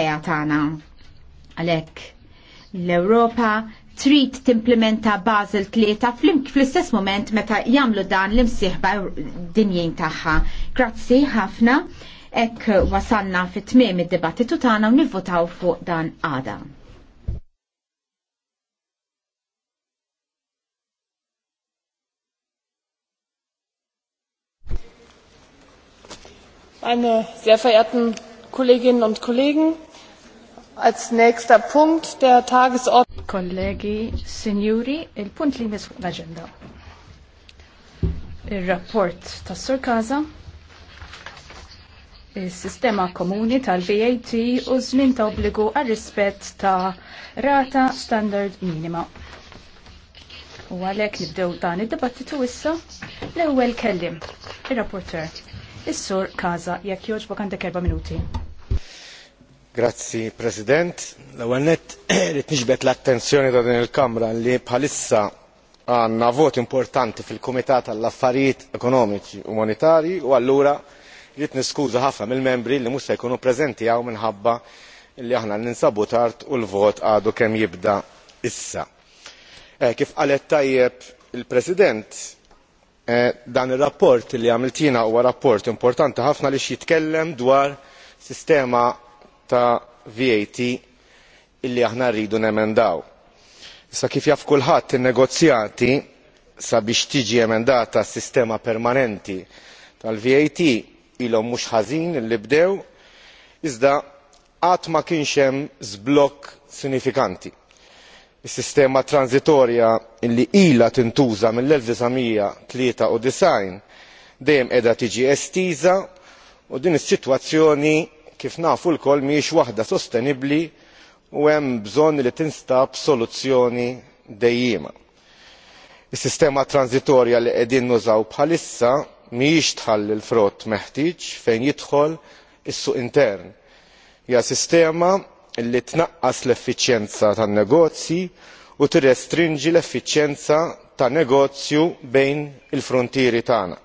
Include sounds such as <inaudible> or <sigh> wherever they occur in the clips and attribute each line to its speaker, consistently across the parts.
Speaker 1: eja tagħna. Alek l-Ewropa trid timplementa Basel tlieta fl-istess moment meta jagħmlu dan l-imsieħba dinjin tagħha. Grazzi ħafna ek wasanna fit tmiem id-dibattitu tagħna u nivvotaw fuq dan għada.
Speaker 2: Meine sehr verehrten Kolleginnen und Kollegen,
Speaker 1: als nächster Punkt der Tagesordnung. Kollegi, Signori, il-punt li mis l-agenda. Il-rapport tas Sur Casa, il-sistema komuni tal-VAT u żmien ta' obbligu għal rispett ta' rata standard minima. U għalhekk nibdew dan id-dibattitu issa l-ewwel kellim, ir-rapporter. Is-sur Kaza, jekk jogħġbok għandek erba' minuti.
Speaker 3: Grazzi President. L-ewwel nett <clears throat> rid niġbed l-attenzjoni ta' din il-Kamra li bħalissa għandna vot importanti fil-Kumitat għall-Affarijiet Ekonomiċi u Monetari u allura rid niskuża ħafna mill-membri li mhux se jkunu preżenti hawn minħabba li aħna ninsabu tard u l-vot għadu kemm jibda issa. Eh, kif qalet tajjeb il-President Eh, dan ir-rapport li għamilt jiena huwa rapport importanti ħafna li jitkellem dwar sistema ta' vat illi aħna rridu nemendaw. Issa kif jaf kulħadd in-negozjati sabiex tiġi emendata s-sistema permanenti tal-vat ilhom mhux ħażin li bdew iżda qatt ma kienx hemm żblokk sinifikanti is-sistema transitorja li ilha tintuża mill-1993 dejjem qiegħda tiġi estiża u din is-sitwazzjoni kif nafu lkoll mhijiex waħda sostenibbli u hemm bżonn li tinstab soluzzjoni dejjima. is-sistema transitorja li qegħdin nużaw bħalissa mhijiex tħalli l frott meħtieġ fejn jidħol is-suq intern hija sistema li tnaqqas l-effiċjenza tan-negozji u tirrestrinġi l-effiċjenza tan negozju bejn il-fruntieri tagħna.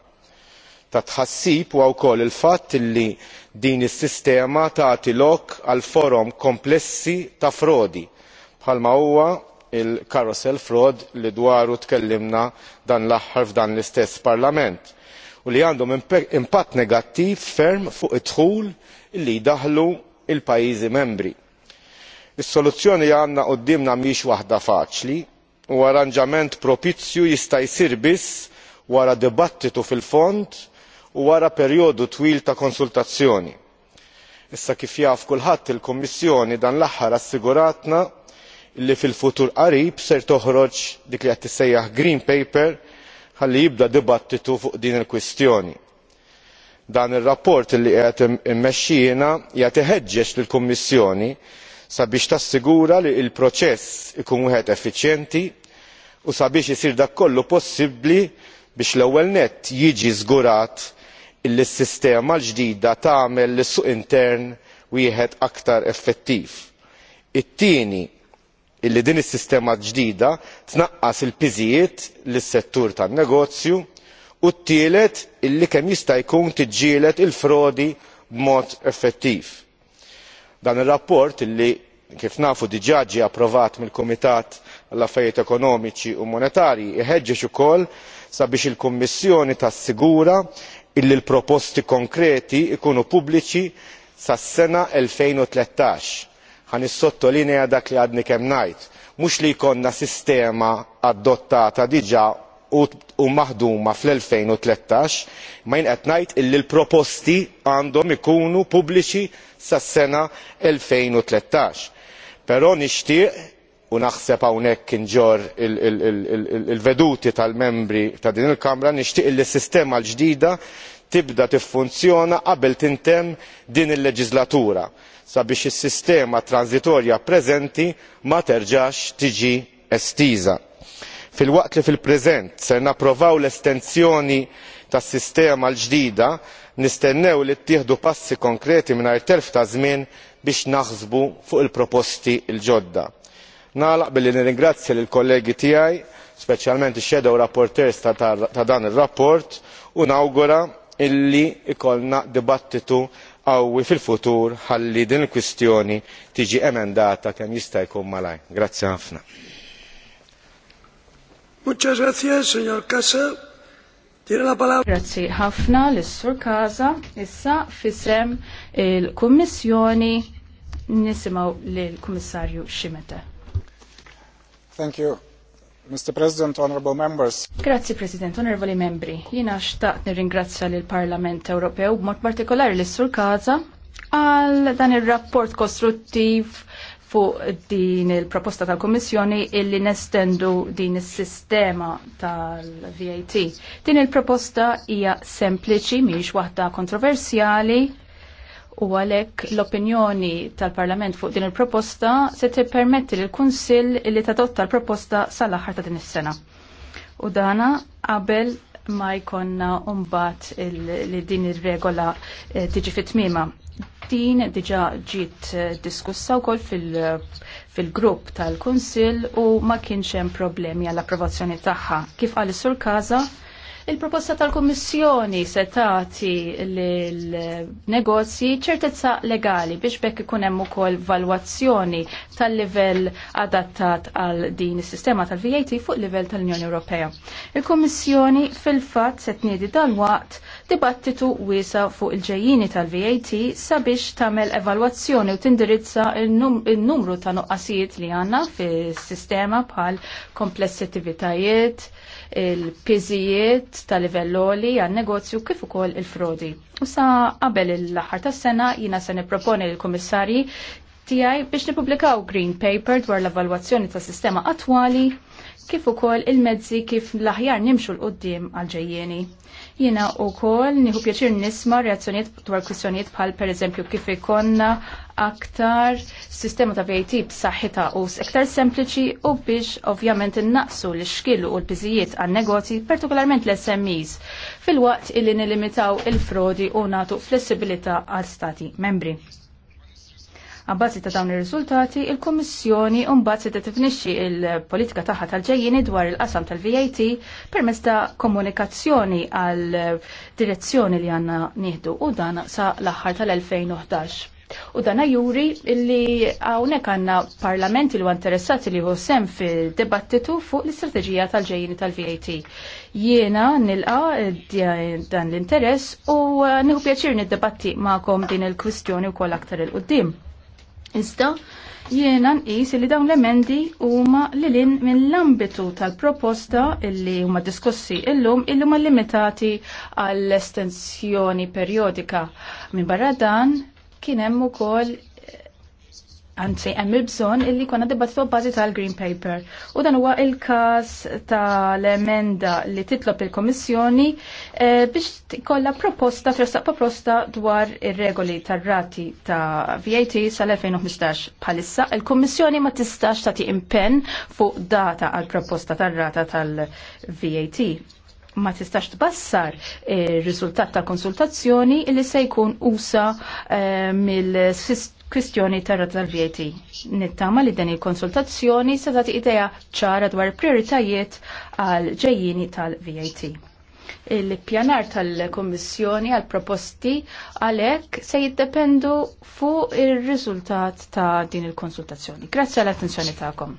Speaker 3: ta' tħassib huwa wkoll il-fatt li din is-sistema tagħti lok għal forom komplessi ta' frodi bħalma huwa il carousel fraud li dwaru tkellimna dan l-aħħar f'dan l-istess parlament u li għandhom impatt negattiv ferm fuq id dħul li jdaħħlu l pajjiżi membri is-soluzzjoni li għandna qudiemna mhix waħda faċli u arranġament propizzju jista' jsir biss wara dibattitu fil fond u wara perjodu twil ta' konsultazzjoni. issa kif jaf kulħadd il-kummissjoni dan l-aħħar assiguratna li fil futur qarib ser toħroġ dik li qed tissejjaħ green paper ħalli jibda dibattitu fuq din il-kwistjoni. dan ir-rapport li qed immexxijina jagħti ħeġġeġ lill-kummissjoni sabiex tassigura li l proċess ikun wieħed effiċjenti u sabiex isir dak kollu possibbli biex l ewwel nett jiġi żgurat li s sistema l ġdida tagħmel lis suq intern wieħed aktar effettiv. it tieni li din is-sistema l-ġdida tnaqqas il piżijiet lis settur tan negozju u t tielet illi kemm jista' jkun tiġġieled il frodi b'mod effettiv dan ir rapport illi kif nafu diġà ġie approvat mill kumitat għall affarijiet ekonomiċi u monetarji iħeġġeġ ukoll sabiex il kummissjoni tassigura li l proposti konkreti jkunu pubbliċi sas sena. 2013 ħan and ħa dak li għadni kemm ngħid mhux li jkollna sistema adottata diġà u maħduma fl-2013 ma jien qed ngħid illi l-proposti għandhom ikunu pubbliċi sas-sena 2013. Però nixtieq u naħseb hawnhekk inġorr il-veduti tal-membri ta' din il-Kamra nixtieq li s-sistema l-ġdida tibda tiffunzjona qabel tintemm din il-leġislatura sabiex is-sistema transitorja preżenti ma terġax tiġi estiża filwaqt li fil preżent se napprovaw l-estensjoni tas-sistema l ġdida nistennew li ttieħdu passi konkreti mingħajr telf ta' żmien biex naħsbu fuq il proposti l ġodda. nagħlaq billi nirringrazzja lill kollegi tiegħi speċjalment ix-shadow rapporteurs ta' dan ir-rapport u nawgura illi ikollna dibattitu qawwi fil futur ħalli din il kwistjoni tiġi emendata kemm jista' jkun malajr. grazzi ħafna.
Speaker 1: Muchas gracias, señor Casa. Tiene la palabra. Grazie ħafna l-Sur Casa. Issa fisem il-Kummissjoni nisimaw l-Kummissarju Ximete.
Speaker 3: Thank you. Mr. President, Honorable Members.
Speaker 1: Grazzi President, Honorable Membri. Jina xtaqt nirringrazzja l parlament Ewropew, b'mod partikolari l sur Kaza, għal dan il-rapport kostruttiv fuq din il-proposta tal-Kommissjoni illi nestendu din is-sistema tal-VAT. Din il-proposta hija sempliċi miex waħda kontroversjali u għalhekk l-opinjoni tal-Parlament fuq din il-proposta se tippermetti l kunsill illi tadotta l-proposta sal-aħħar ta' din is-sena. U dana qabel ma jkonna umbat li din ir-regola eh, tiġi fit-tmima din diġa ġiet eh, diskussa wkoll fil-grupp fil tal-Kunsill u ma kienx hemm problemi għall approvazzjoni tagħha. Kif qal sur Kaza, il-proposta tal kummissjoni se tagħti lill-negozji ċertezza legali biex bekk ikun hemm ukoll valwazzjoni tal-livell adattat għal din is-sistema tal-VAT fuq livell tal-Unjoni Ewropea. Il-Kummissjoni fil-fatt se tniedi dan waqt dibattitu wiesa fuq il-ġejjini tal-VAT sabiex tagħmel evalwazzjoni u tindirizza il-numru ta' nuqqasijiet li għandna fis-sistema bħal komplessitivitajiet, il pizijiet tal-livelloli għan-negozju kif ukoll il-frodi. U sa qabel il aħħar tas-sena jiena se nipproponi l kummissarji tiegħi biex nipublikaw green paper dwar l-evalwazzjoni tas-sistema attwali kif ukoll il-mezzi kif l-aħjar nimxu l-qoddim għal-ġejjeni. Jiena wkoll nieħu pjaċir nisma' reazzjonijiet dwar kwistjonijiet bħal pereżempju kif ikonna aktar sistema ta' VAT b'saħħita u iktar sempliċi u biex ovvjament innaqsu l-xkilu u l-biżijiet għan negozji partikolarment l-SMEs fil-waqt illi nilimitaw il-frodi u nagħtu flessibilità għal stati membri. Għabbażi ta' dawn ir-riżultati, il-Kummissjoni mbagħad se tifinixxi il-politika tagħha tal-ġejjini dwar il-qasam tal-VAT permezz ta' komunikazzjoni għal direzzjoni li għandna nieħdu u dan sa l-aħħar tal-2011. U dan juri li hawnhekk għandna parlamenti li huwa interessati li sem fil-dibattitu fuq l-istrateġija tal-ġejjini tal-VAT jiena nilqa dan l-interess u nieħu pjaċir niddebatti magħkom din il-kwistjoni wkoll aktar il-qudiem. Iżda jiena nqis li dawn l-emendi huma lilin mill-ambitu tal-proposta illi huma diskussi illum illi huma limitati għall estensjoni periodika. Minn barra dan kien hemm ukoll Anzi, hemm il-bżonn illi konna dibattitu bazi tal-Green Paper. U dan huwa il-każ tal-emenda li titlob il komissjoni eh, biex tkollha proposta, tressaq proposta dwar ir-regoli tar-rati ta' VAT sal-2015. Bħalissa, il komissjoni ma tistax tagħti impenn fuq data għal proposta tar-rata tal-VAT ma tistax tbassar ir-riżultat tal-konsultazzjoni li se jkun usa eh, mill-sistema kwistjoni tarra tal-VAT. Nittama li dan il-konsultazzjoni se tagħti idea ċara dwar prioritajiet għal ġejjini tal-VAT. Il-pjanar tal-Kommissjoni għal proposti għalhekk se jiddependu fuq ir-riżultat ta' din il-konsultazzjoni. Grazzi għall attenzjoni tagħkom.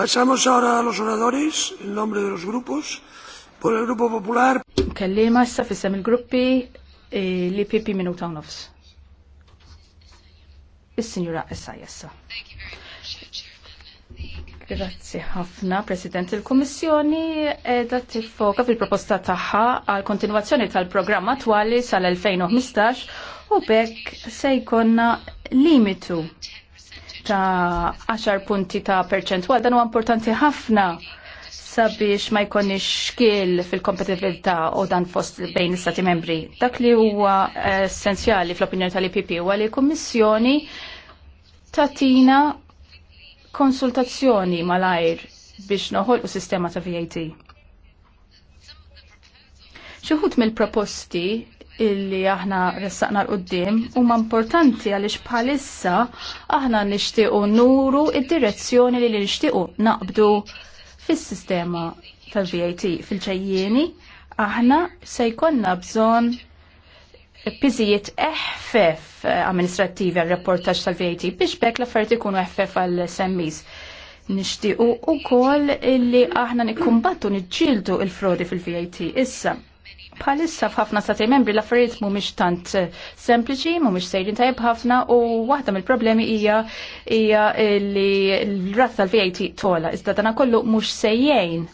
Speaker 1: Passamos ahora a los oradores, il nombre de los grupos. Por el Grupo Popular. Kellima s fissem il-gruppi eh, li pipi minuta u nofs is-Sinjura Issa Jessa. Grazzi ħafna, President. Il-Kommissjoni edha tifoka fil-proposta taħħa għal kontinuazzjoni tal-programm attuali sal-2015 u bekk se jkollna limitu ta' 10 punti ta' perċentwal dan u importanti ħafna sabiex ma jkunix xkiel fil-kompetitività u dan fost bejn l-Stati membri. Dak li huwa eh, essenzjali fl-opinjoni tal-IPP huwa li kommissjoni tatina konsultazzjoni mal-ajr biex noħolqu sistema ta' VAT. Xuħut mill-proposti illi aħna ressaqna l-qoddim u ma importanti għalix bħalissa aħna nishtiqu nuru id-direzzjoni li nishtiqu naqbdu fis-sistema tal-VAT fil-ċejjieni aħna se jkollna bżonn piżijiet eħfef amministrativi għal reportaġġ tal-VAT biex bekk l-affarijiet ikunu eħfef għal semmis. Nixtiequ ukoll illi aħna nikkumbattu niġġieldu il-frodi fil-VAT issa Bħalissa f'ħafna stati membri l-affarijiet mhumiex tant eh, sempliċi, mhumiex sejrin tajjeb ħafna u waħda mill-problemi hija hija li l-razz tal-VAT tola, iżda dana kollu mhux sejjejn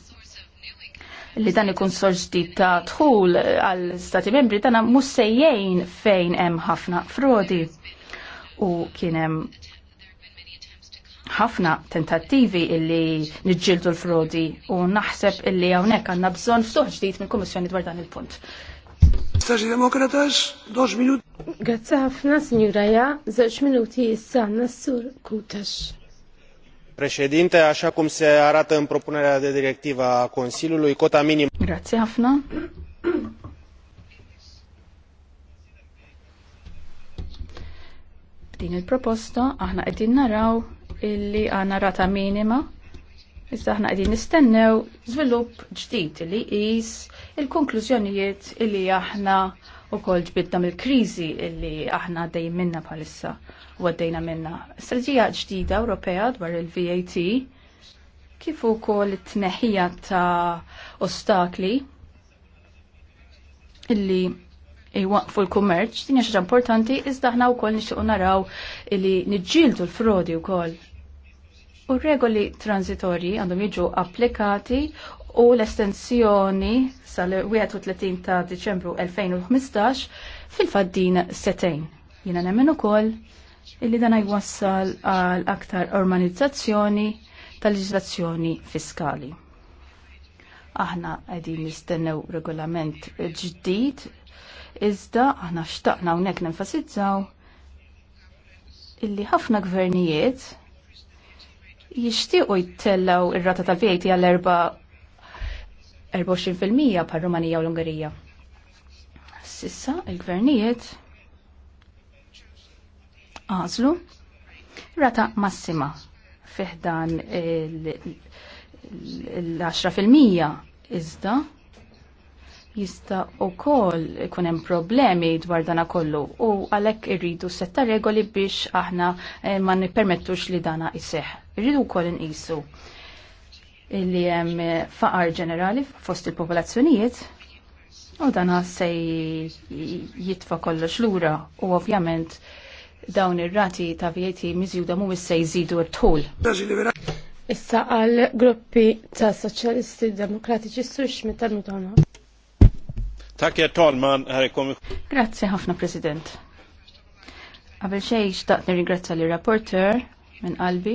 Speaker 1: li dan ikun sors ġdid ta' dħul eh, għal stati membri tagħna mus sejjejn fejn hemm ħafna frodi. U kien hemm ħafna tentattivi illi niġġieldu l-frodi u naħseb illi hawnhekk għandna bżonn ftuħ ġdid mill-Kummissjoni dwar dan il-punt.
Speaker 2: Staġi demokratax, 2 minut. Grazzi ħafna, signora Ja, zaċ minuti issa Nassur
Speaker 3: Kutax. Președinte, așa cum se arată în propunerea de directivă a Consiliului, cota minimă. Grazie, Afna.
Speaker 1: Din il-proposta aħna qegħdin naraw illi għanna rata minima. Iżda ħna qegħdin nistennew żvilupp ġdid li jis il-konklużjonijiet illi aħna wkoll ġbidna mill-kriżi illi aħna għaddejjin minna bħalissa u għaddejna minna. Strategija ġdida Ewropea dwar il-VAT kif ukoll it-tneħħija ta' ostakli illi jwaqfu l-kummerċ, din xaġa importanti, iżda ħna wkoll nixtiequ naraw li niġġieldu l-frodi wkoll. U regoli transitorji għandhom jiġu applikati u l-estensjoni sal-31 ta' Deċembru 2015 fil-faddin setejn. Jina nemmen ukoll illi dan jwassal għal aktar urbanizzazzjoni tal-leġislazzjoni fiskali. Aħna għedin nistennew regolament ġdid, iżda aħna xtaqna unek nenfasizzaw illi ħafna gvernijiet jixtiequ jittellaw ir-rata tal-VAT għall erba 24% par Rumanija u l-Ungerija. Sissa, il-gvernijiet għazlu rata massima fiħdan l-10% iżda jista' wkoll ikun hemm problemi dwar dana kollu u għalhekk irridu setta regoli biex aħna eh, ma nippermettux li dana jseħħ. Irridu wkoll inqisu li hemm eh, faqar ġenerali fost il-popolazzjonijiet u dan se jitfa kollox lura u ovvjament dawn ir-rati ta' vjeti miżjuda mhuwiex se jżidu t tul Issa għal gruppi ta' Soċjalisti Demokratiċi Sux mit tal
Speaker 3: Tak, herr talman, herr
Speaker 1: Grazie, ħafna, President. Għabel xej xtaqt nirringrazzja li rapporter minn qalbi.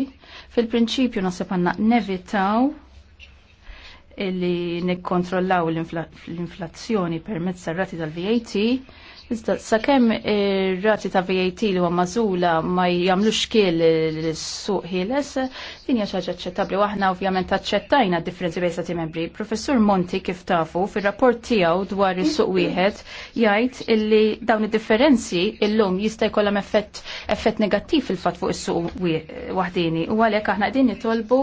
Speaker 1: Fil-prinċipju nasib għanna nevitaw illi nikkontrollaw l-inflazzjoni permezz rati tal-VAT Iżda, sakemm ir-rati eh, ta' VAT li huwa mażula ma jagħmlux kiel l-suq ħieles, din hija xi aċċettabbli u aħna ovvjament aċċettajna differenzi bejn stati membri. Professur Monti kif tafu fir-rapport tiegħu dwar is-suq wieħed jgħid illi dawn id-differenzi illum jista' jkollhom effett effett negattiv fil-fatt fuq is-suq waħdini u għalhekk aħna qegħdin nitolbu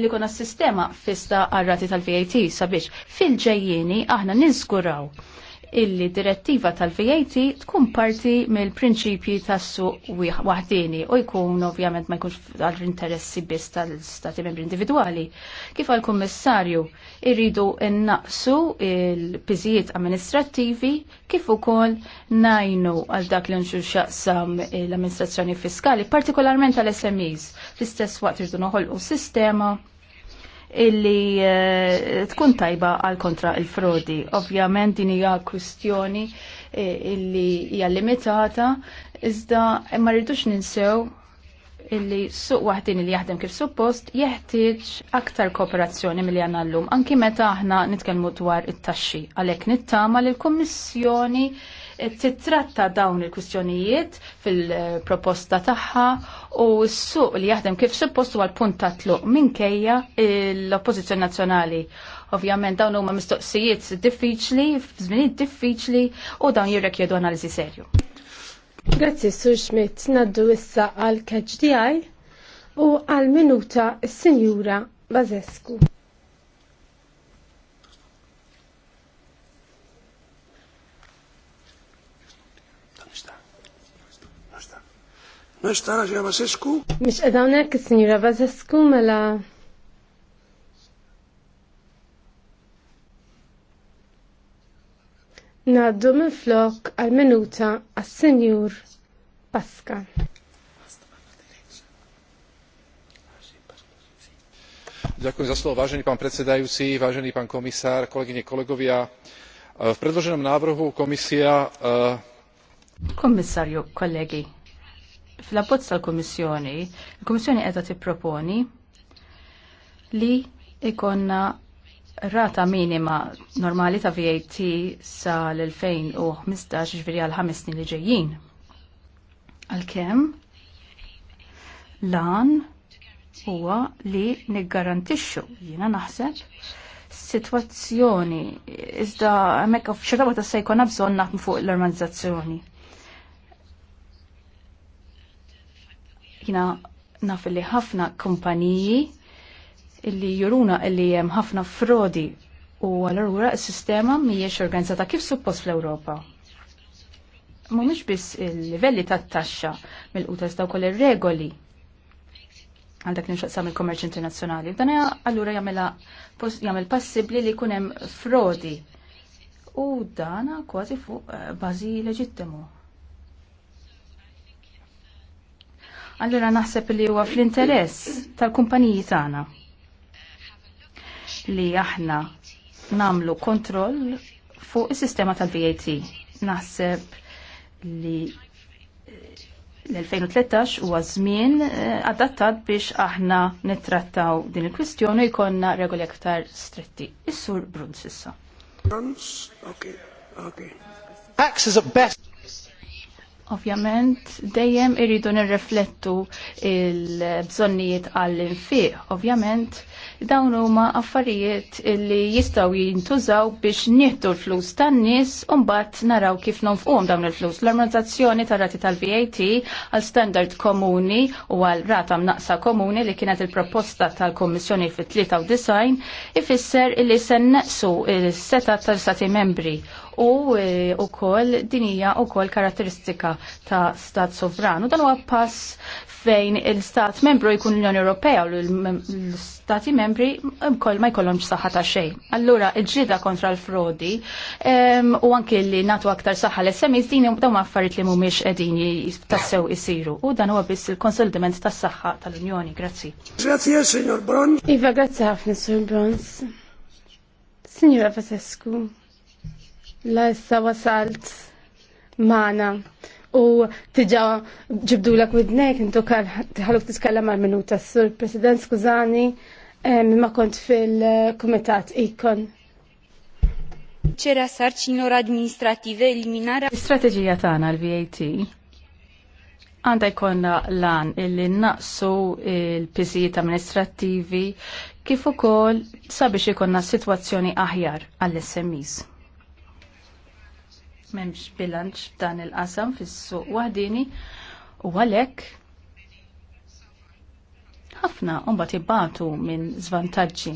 Speaker 1: illi kuna sistema fista għar-rati tal-VAT sabiex fil-ġejjieni aħna niżguraw illi direttiva tal-VAT tkun parti mill-prinċipji tas-suq u jkun ovvjament ma jkunx għall-interessi biss tal-stati membri individwali. Kif għall-Kummissarju irridu innaqsu il-piżijiet amministrattivi kif ukoll najnu għal dak li nxu xaqsam l-amministrazzjoni fiskali, partikolarment għal SMEs. l istess waqt irridu noħolqu sistema illi eh, tkun tajba għal kontra il-frodi. Ovvjament din hija kwistjoni eh, illi hija limitata, iżda ma rridux ninsew illi suq waħdin li jaħdem kif suppost jeħtieġ aktar kooperazzjoni milli għandna llum anki meta aħna nitkellmu dwar it-taxxi għalhekk nittama lill kummissjoni titratta dawn il-kwistjonijiet fil-proposta tagħha u s-suq li jaħdem kif suppost huwa l-punt ta' tluq minkejja l-Oppożizzjoni Nazzjonali. Ovvjament dawn huma mistoqsijiet diffiċli, f'żminijiet diffiċli u dawn jirrekjedu analiżi serju.
Speaker 2: Grazzi Sur Schmidt, naddu issa għal KHDI u għal minuta s-Sinjura Bazescu. Mex tara ġeja Basescu? Mix edawnek, signora Basescu, mela. Naddu minn flok għal-minuta għas-senjur Pasqa.
Speaker 3: Ďakujem za slovo, vážený pán predsedajúci, vážený pán komisár, kolegyne, kolegovia. V predloženom návrhu komisia... Uh...
Speaker 1: Eh, Komisario, kolegi, fl-abbozz tal-Kummissjoni, il-Kummissjoni qiegħda tipproponi li ikonna rata minima normali ta' VAT sa l 2015 ġifieri għal ħames snin li ġejjin. Għalkemm lan huwa li niggarantixxu jiena naħseb sitwazzjoni iżda hemmhekk xi rabta se jkollna bżonn naħdmu fuq l-organizzazzjoni. Jina naf li ħafna kumpaniji illi juruna illi jem ħafna frodi u għal-għura s-sistema miex organizzata kif suppost fl-Europa. Mumiex biss il-livelli ta' taxxa mill-qutas daw kol ir-regoli għal dak nixaqsam il-kommerċ internazzjonali. Dan allura jagħmel passibbli li jkun hemm frodi. U dana kważi fuq eh, bażi leġittimu. allura naħseb li huwa fl-interess tal-kumpaniji tagħna li aħna namlu kontroll fuq is-sistema tal-VAT. Naħseb li l-2013 huwa żmien eh, adattat biex aħna nittrattaw din il-kwistjoni jkollna regoli aktar stretti. Is-sur Bruns issa. okay, okay. Access as best Ovvjament, dejjem irridu nirreflettu il-bżonnijiet għall-infiq. Ovvjament, dawn huma affarijiet li jistgħu jintużaw biex nieħdu l-flus tan-nies u mbagħad naraw kif nonfquhom dawn il-flus. L-armonizzazzjoni tar-rati tal-VAT għal standard komuni u għal rata mnaqsa komuni li kienet il-proposta tal-Kommissjoni fit tlieta u design ifisser li se naqsu il-seta tal-Stati membri u wkoll e, din hija wkoll karatteristika ta' stat sovran. U dan huwa pass fejn il-stat membru jkun l-Unjoni Ewropea u l-stati membri wkoll ma jkollhomx saħħa ta' xejn. Allura l-ġrida kontra l-frodi u anki li natu aktar saħħa l-SMEs din dawn affarijiet li mhumiex qegħdin tassew isiru. U dan huwa biss il konsultiment tas-saħħa tal-Unjoni. Grazzi.
Speaker 2: Grazzi, signor Bronz. Iva, grazzi ħafna, signor Bronz. Signora Fasescu l issa wasalt mana u tiġa ġibdu l widnek intu tħaluf titkellem għal minuta sur President skużani ma kont fil-Kumitat
Speaker 1: ikon. ċera sarċinor administrative eliminara. Strategija tagħna l-VAT għanda jkollna lan illi naqsu il pizijiet amministrattivi kif ukoll sabiex ikonna sitwazzjoni aħjar għall-SMEs memx bilanċ f'dan il-qasam fis-suq waħdini u għalhekk ħafna mbagħad jibatu minn żvantaġġi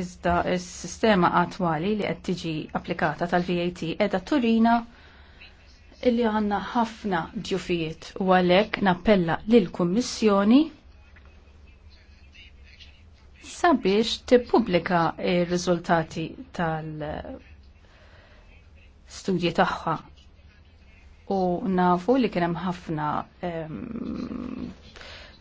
Speaker 1: iżda s-sistema attwali li qed tiġi applikata tal-VAT qiegħda turina illi għandna ħafna ġufijiet u għalhekk nappella lill-Kummissjoni sabiex tippubblika r riżultati tal- studji tagħha. U nafu li kien hemm ħafna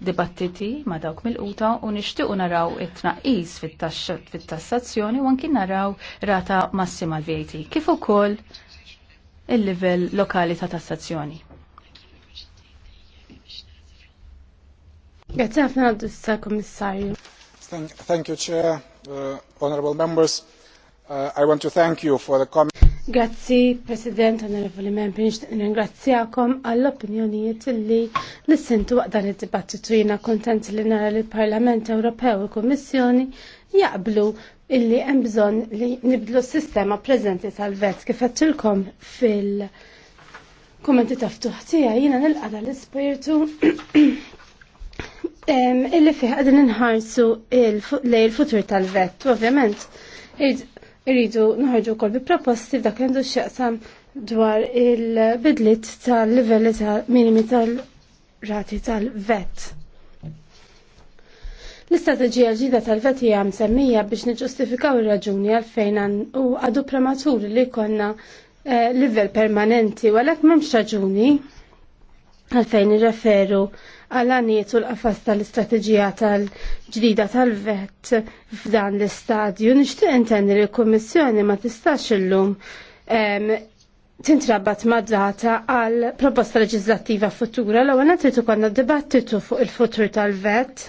Speaker 1: dibattiti ma' dawk mill-quta u nixtiequ naraw it-tnaqqis fit-tassazzjoni u anki naraw rata massima l-VAT. Kif ukoll il-livell lokali ta' tassazzjoni. Grazie
Speaker 2: ħafna għaddu sa'
Speaker 3: Thank you, Chair, uh, honorable members. Uh, I want to thank you for the comment.
Speaker 2: Grazzi, President, onorevoli membri, ringrazzjakom għall-opinjonijiet li nissentu għadan id-dibattitu jina kontent li nara li l-Parlament Ewropew u Kommissjoni jaqblu illi hemm bżonn li nibdlu s-sistema preżenti tal-vet kif għattilkom fil- Kommenti taftuħ tiegħi, jiena nilqada l-ispirtu <clears throat> illi fiħ għadin nħarsu il-futur tal-vet, ovvjament. Irridu nħarġu kol bi proposti dak għandu x'jaqsam dwar il-bidlit tal-livelli tal-minimi tal-rati tal-vet. L-istrateġija ġdida tal-vet hija msemmija biex niġġustifikaw ir-raġuni għalfejn u għadu prematuri li konna eh, livell permanenti, u għalhekk m'hemmx raġuni għalfejn irreferu għal nietu l-qafas tal-istrateġija tal-ġdida tal-vet f'dan l-istadju. Nishtiq intendi li l-Kommissjoni ma tistax illum tintrabat mad-data għal proposta leġislattiva futura l għana tritu konna dibattitu fuq il-futur tal-vet.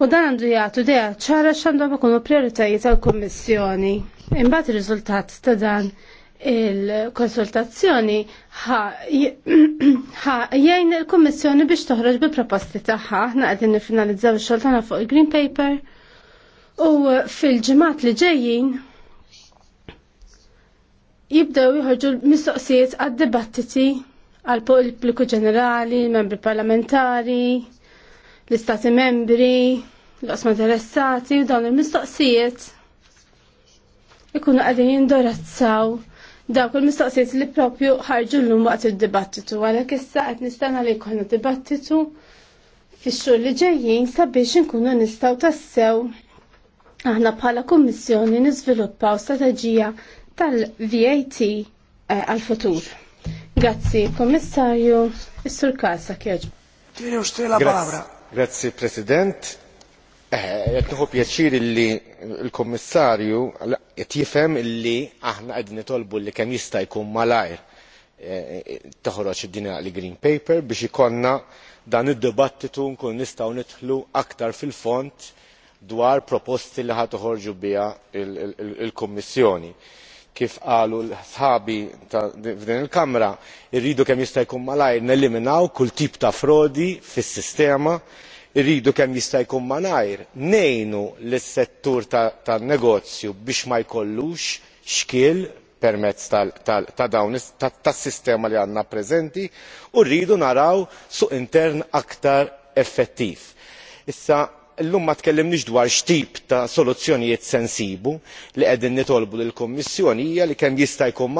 Speaker 2: U dan għandu jgħatu dejja ċara x'għandhom ikunu prioritajiet tal-Kommissjoni. Imbagħad ir-riżultat ta' dan il-konsultazzjoni <clears throat> jgħin il-Kommissjoni biex toħroġ bi proposti tagħha. Aħna qegħdin nifinalizzaw ix-xogħol tagħna fuq il-Green Paper u fil-ġimgħat li ġejjin jibdew jħorġu mistoqsijiet għad-dibattiti għal pubbliku ġenerali, membri parlamentari, l-istati membri, l-osma interessati u dawn il-mistoqsijiet ikunu għadin jindorazzaw dawk il-mistoqsijiet li propju ħarġu l-lum waqt il-dibattitu, għalhekk issa qed nistana li jkollna dibattitu fix-xhur li ġejjin sabiex inkunu nistgħu tassew aħna bħala kummissjoni niżviluppaw strateġija tal-VAT eh, għal-futur. Grazzi, Kommissarju, is-Sur Kasa la palabra.
Speaker 3: Grazie, President qed eh, nieħu pjaċir li l-kummissarju qed jifhem li aħna qegħdin nitolbu li kemm jista' jkun malajr eh, toħroġ din li green paper biex ikollna dan id-dibattitu nkun nistgħu nidħlu aktar fil fond dwar proposti li ħad toħorġu biha l kummissjoni. kif qalu sħabi f'din il kamra irridu kemm jista' jkun malajr neliminaw kull tip ta' frodi fis sistema irridu kemm jista' jkun malajr ngħinu lis settur tan negozju biex ma jkollux xkiel permezz tas sistema li għandna preżenti u rridu naraw suq intern aktar effettiv. issa llum ma tkellimniex dwar x'tip ta' soluzzjonijiet se nsibu li qegħdin nitolbu lill-kummissjoni hija li kemm jista' jkun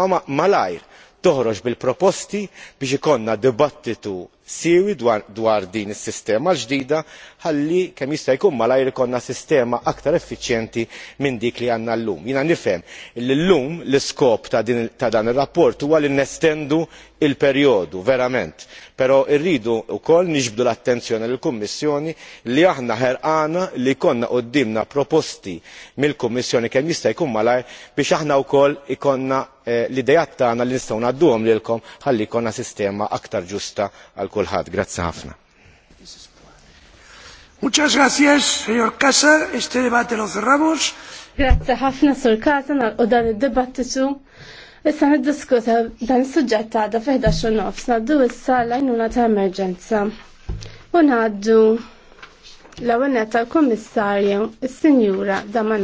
Speaker 3: malajr toħroġ bil proposti biex ikollna dibattitu siewi dwar din is-sistema l-ġdida ħalli kemm jista' jkun malajr ikollna sistema aktar effiċjenti minn dik li għandna llum. Jiena nifhem li llum l-iskop ta' dan ir-rapport huwa li nestendu l perjodu verament, però rridu wkoll niġbdu l-attenzjoni lill-Kummissjoni li aħna ħerqana li jkollna qudiemna proposti mill-Kummissjoni kemm jista' jkun malajr biex aħna wkoll ikollna eh, l-idejat tagħna li nistgħu ngħadduhom lilkom ħalli jkollna sistema aktar ġusta għall kulħadd. Grazzi ħafna. Muchas gracias, señor
Speaker 2: Casa. Este debate lo cerramos. Grazie ħafna sur Casa u dan id-dibattitu. Issa niddiskuta dan is-suġġett għadha fi 11 nofs ngħaddu issa l-għajnuna ta' emerġenza. U ngħaddu l-ewwel ta' kummissarju il sinjura Damanan.